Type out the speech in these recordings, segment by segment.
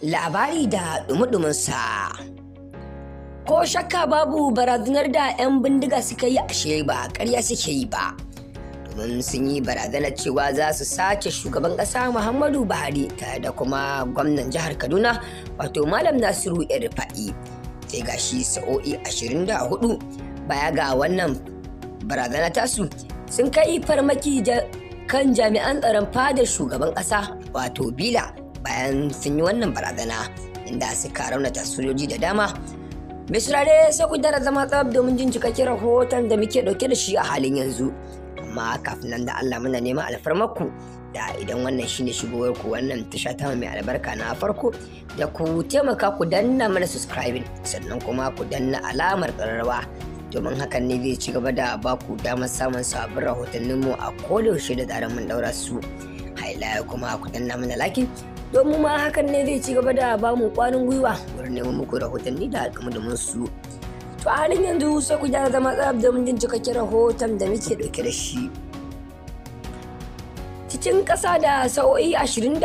labari da dumudumunsa. Ko shakka babu barazanar da 'yan bindiga suka yi ashe ba karya suke yi ba. Domin sun yi barazanar cewa za su sace shugaban ƙasa Muhammadu Buhari tare da kuma gwamnan jihar Kaduna wato Malam Nasiru Irfa'i. Sai ga shi sa'o'i ashirin da hudu baya ga wannan barazana tasu sun kai farmaki kan jami'an tsaron fadar shugaban ƙasa wato Bila bayan sun yi wannan barazana inda suka raunata sojoji da dama mai surare sai ku dara zama tsab domin jin cikakken rahoton da muke ɗauke da shi a halin yanzu amma kafin nan da Allah muna neman alfarmarku da idan wannan shine shigowar ku wannan tasha ta mai albarka na farko da ku taimaka ku danna mana subscribing sannan kuma ku danna alamar ƙararrawa domin hakan ne zai ci gaba da ba ku damar samun sabbin rahotanninmu a kodayaushe da tsarin mun daura su haila kuma ku danna mana laki? don ma hakan ne zai ci gaba da bamu mu kwanin gwiwa wurin neman muku rahotanni da da su to a halin yanzu sai ku gyara zama tsab da mun jin cikakken rahoton da muke ɗauke da shi cikin ƙasa da sa'o'i 24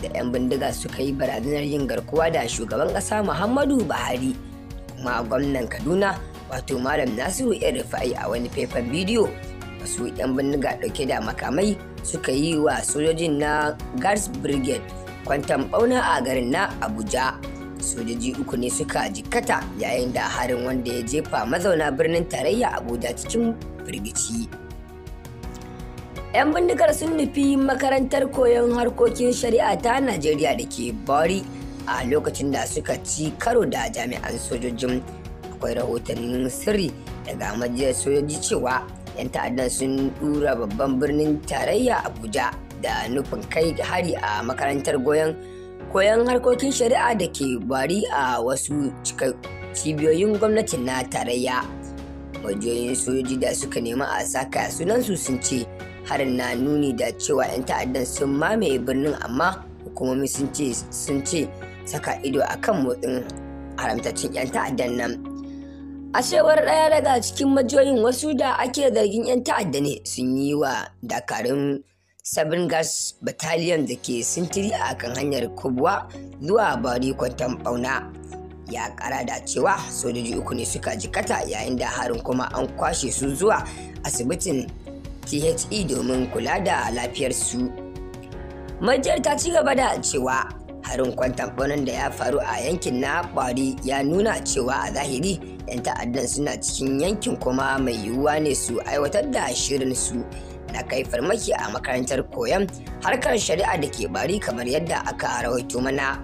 da 'yan bindiga suka yi barazanar yin garkuwa da shugaban ƙasa muhammadu buhari kuma gwamnan kaduna wato malam nasiru yan rufa'i a wani faifan bidiyo wasu 'yan bindiga dauke da makamai suka yi wa sojojin na guards brigade kwantan bauna a garin na abuja sojoji uku ne suka jikkata yayin da harin wanda ya jefa mazauna birnin tarayya abuja cikin firgici 'yan bindigar sun nufi makarantar koyon harkokin shari'a ta najeriya da ke bari a lokacin da suka ci karo da jami'an sojojin akwai rahotannin sirri daga majiyar sojoji cewa 'yan ta'addan sun dura babban birnin tarayya abuja da nufin kai hari a makarantar goyon koyon harkokin shari'a da ke bari a wasu cibiyoyin gwamnati na tarayya majiyoyin sojoji da suka nema a saka sunansu sun ce harin na nuni da cewa 'yan ta'addan sun mamaye birnin amma hukumomi sun ce saka ido a kan motsin haramtaccen 'yan ta'addan nan a cewar ɗaya daga cikin majiyoyin wasu da ake zargin 'yan ta'adda ne sun yi wa dakarun Sabin gas battalion da ke sintiri a kan hanyar kubwa zuwa bari kwantan bauna ya kara da cewa sojoji uku ne suka jikata yayin da harin kuma an kwashe su zuwa asibitin the domin kula da lafiyarsu majiyar ta ci gaba da cewa harin kwantan baunan da ya faru a yankin na bari ya nuna cewa a zahiri 'yan ta'addan suna cikin yankin kuma mai yiwuwa ne su aiwatar da shirin su na kai farmaki a makarantar koyon harkar shari'a da ke bari kamar yadda aka rawaito mana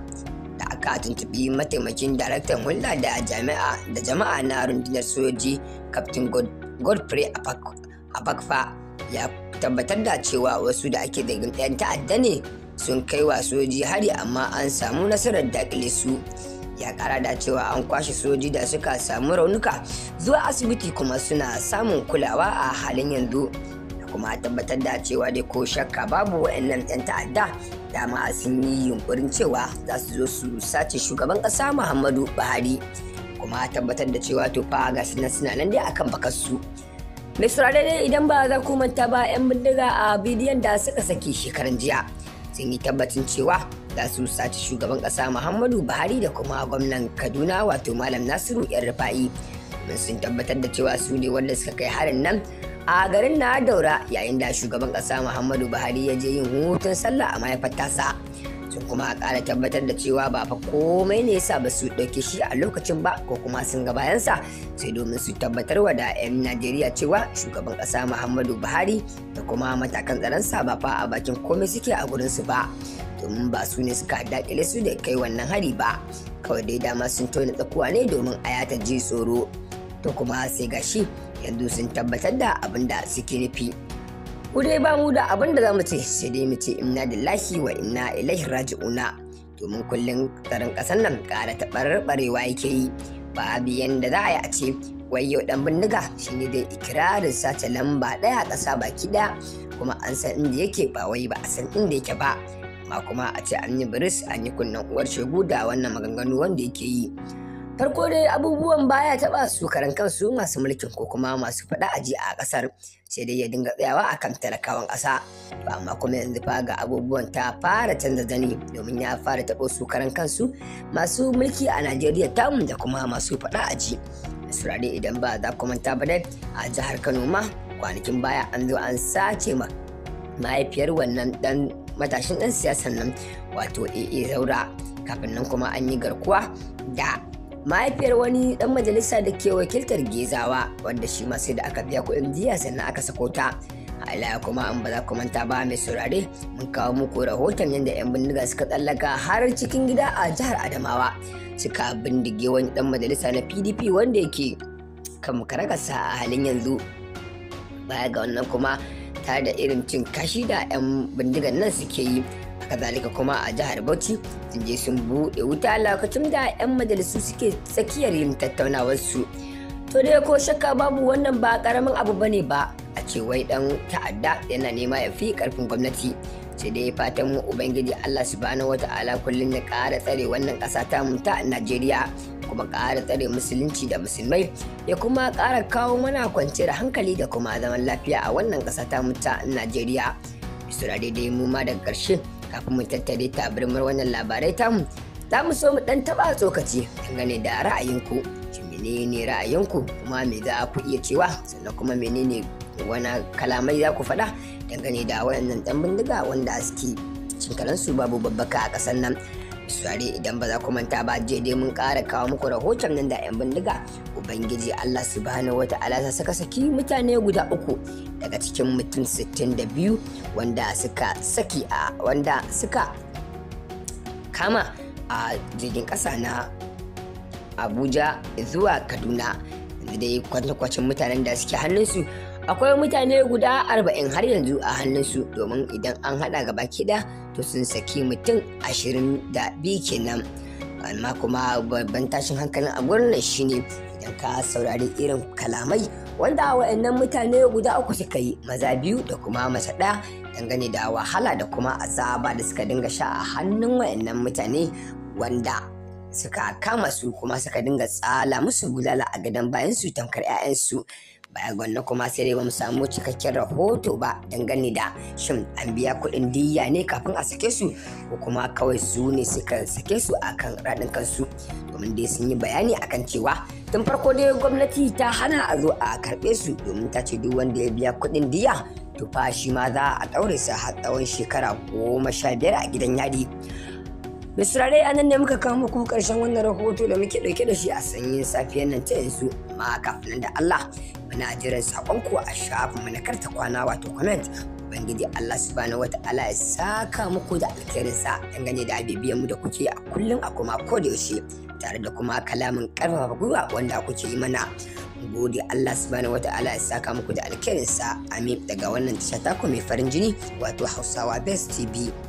da aka tuntubi mataimakin daraktan hulɗa da jami'a da jama'a na rundunar sojoji captain godfrey abakfa ya tabbatar da cewa wasu da ake zargin ɗayan ta'adda ne sun kai wa soji hari amma an samu nasarar dakile su ya kara da cewa an kwashe soji da suka samu raunuka zuwa asibiti kuma suna samun kulawa a halin yanzu kuma a tabbatar da cewa dai ko shakka babu wa'annan 'yan ta'adda dama sun yi yunkurin cewa za su zo su sace shugaban ƙasa muhammadu buhari kuma a tabbatar da cewa to fa ga sunan suna nan dai akan bakarsu mai saurare dai idan ba za ku manta ba 'yan bindiga a bidiyon da suka saki shekaran jiya sun yi tabbacin cewa za su sace shugaban ƙasa muhammadu buhari da kuma gwamnan kaduna wato malam nasiru yan rufa'i sun tabbatar da cewa su ne wanda suka kai harin nan a garin na daura yayin da shugaban ƙasa muhammadu buhari ya je yin hutun sallah a mahaifar tasa sun kuma ƙara tabbatar da cewa ba fa komai ne yasa ba su ɗauke shi a lokacin ba ko kuma sun ga bayansa sai domin su tabbatar wa da 'yan najeriya cewa shugaban ƙasa muhammadu buhari da kuma matakan tsaronsa ba fa a bakin komai suke a gurinsu ba domin ba su ne suka dakile su da kai wannan hari ba kawai dai dama sun tona tsakuwa ne domin a yata ji tsoro to kuma sai gashi yanzu sun tabbatar da abin da suke nufi ku dai ba mu da abin da za mu ce sai dai mu ce inna lillahi wa inna ilaihi raji'una domin kullum tsarin ƙasar nan ƙara taɓarɓarewa yake yi ba biyan da za a yi a ce wai yau ɗan bindiga shi ne dai ikirarin sace lamba ɗaya ƙasa baki ɗaya kuma an san inda yake ba wai ba a san inda yake ba amma kuma a ce an yi biris an yi kunnen uwar shegu da wannan maganganu wanda yake yi farko dai abubuwan baya taba su karan kansu masu mulkin ko kuma masu faɗa aji a kasar sai dai ya dinga tsayawa akan talakawan ƙasa ba amma kuma yanzu fa ga abubuwan ta fara canza zani domin ya fara taɓo su karan kansu masu mulki a najeriya tamu da kuma masu faɗa aji surare idan ba za ku manta ba dai a jihar kano ma kwanakin baya an zo an sace ma mahaifiyar wannan dan matashin dan siyasan nan wato ee zaura kafin nan kuma an yi garkuwa da mahaifiyar wani dan majalisa da ke wakiltar gezawa wanda shi ma sai da aka biya kuɗin jiya sannan aka sako ta ala kuma an ba za ku manta ba mai saurare mun kawo muku rahoton yadda 'yan bindiga suka tsallaka har cikin gida a jihar adamawa suka bindige wani dan majalisa na pdp wanda yake kan karagarsa a halin yanzu baya ga wannan kuma tare da irin cin kashi da 'yan bindigan nan suke yi Kazalika kuma a jihar bauchi sun je sun buɗe wuta lokacin da 'yan majalisu suke tsakiyar yin tattaunawar su. to dai ko shakka babu wannan ba karamin abu bane ba a ce wai dan ta'adda yana nema ya fi karfin gwamnati sai dai fatan mu ubangiji Allah subhanahu wata'ala kullum ya ƙara tsare wannan ƙasa ta mu ta Najeriya kuma ƙara tsare musulunci da musulmai ya kuma ƙara kawo mana kwanciyar hankali da kuma zaman lafiya a wannan ƙasa ta mu ta Najeriya. Isra daidai mu ma daga ƙarshe kafin mu tattare mar wannan labarai tamu za mu so mu dan taba tsokaci dangane da ra'ayinku shi menene ra'ayinku kuma me za ku iya cewa sannan kuma menene wani kalamai za ku faɗa dangane da waɗannan dan bindiga wanda suke su babu babbaka a ƙasar nan sare idan ba za ku manta ba je dai mun kara kawo muku rahoton nan da 'yan bindiga ubangiji allah subhanahu wata ala saka saki mutane guda uku daga cikin mutum 62 wanda suka saki a wanda suka kama a jirgin ƙasa na abuja zuwa kaduna yanzu dai kwatakwacin mutanen da suke hannunsu akwai mutane guda 40 har yanzu a hannunsu domin idan an hada gaba kida to sun saki mutum 22 kenan amma kuma babban tashin hankalin a gurin shine don ka saurari irin kalamai wanda wa'annan mutane guda uku suka yi maza biyu da kuma mace ɗaya dangane da wahala da kuma azaba da suka dinga sha a hannun wa'annan mutane wanda suka kama su kuma suka dinga tsala musu bulala a gadon bayan su tamkar 'ya'yansu baya gwanna kuma sai dai bamu samu cikakken rahoto ba dangane da shin an biya kuɗin diyya ne kafin a sake su ko kuma kawai su ne suka sake su akan raɗin kansu domin dai sun yi bayani akan cewa tun farko dai gwamnati ta hana a zo a karɓe su domin ta ce duk wanda ya biya kuɗin diyya? to fa shi ma za a ɗaure sa har tsawon shekara goma sha biyar a gidan yadi. misrarai a nan ne muka kawo muku karshen wannan rahoto da muke ɗauke da shi a sanyin safiyar nan ta yanzu amma kafin da Allah muna jiran sakonku a shafin mu na karta kwana wato comment ubangiji Allah subhanahu ta'ala ya saka muku da alkhairinsa dangane da bibiyan mu da kuke a kullum a kuma ko da yaushe tare da kuma kalamin karfafa gwiwa wanda kuke yi mana gode Allah subhanahu ta'ala ya saka muku da alkhairinsa amin daga wannan tasha taku mai farin jini wato Hausawa Best TV